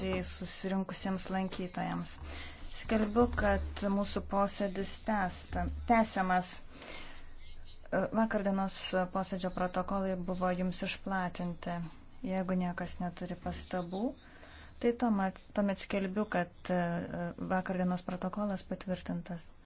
dėmesį susirinkusiems lankytojams. Skelbiu, kad mūsų posėdis tęsiamas. E, vakar dienos posėdžio protokolai buvo jums išplatinti. Jeigu niekas neturi pastabų, tai tuomet, tuomet skelbiu, kad e, vakar dienos protokolas patvirtintas.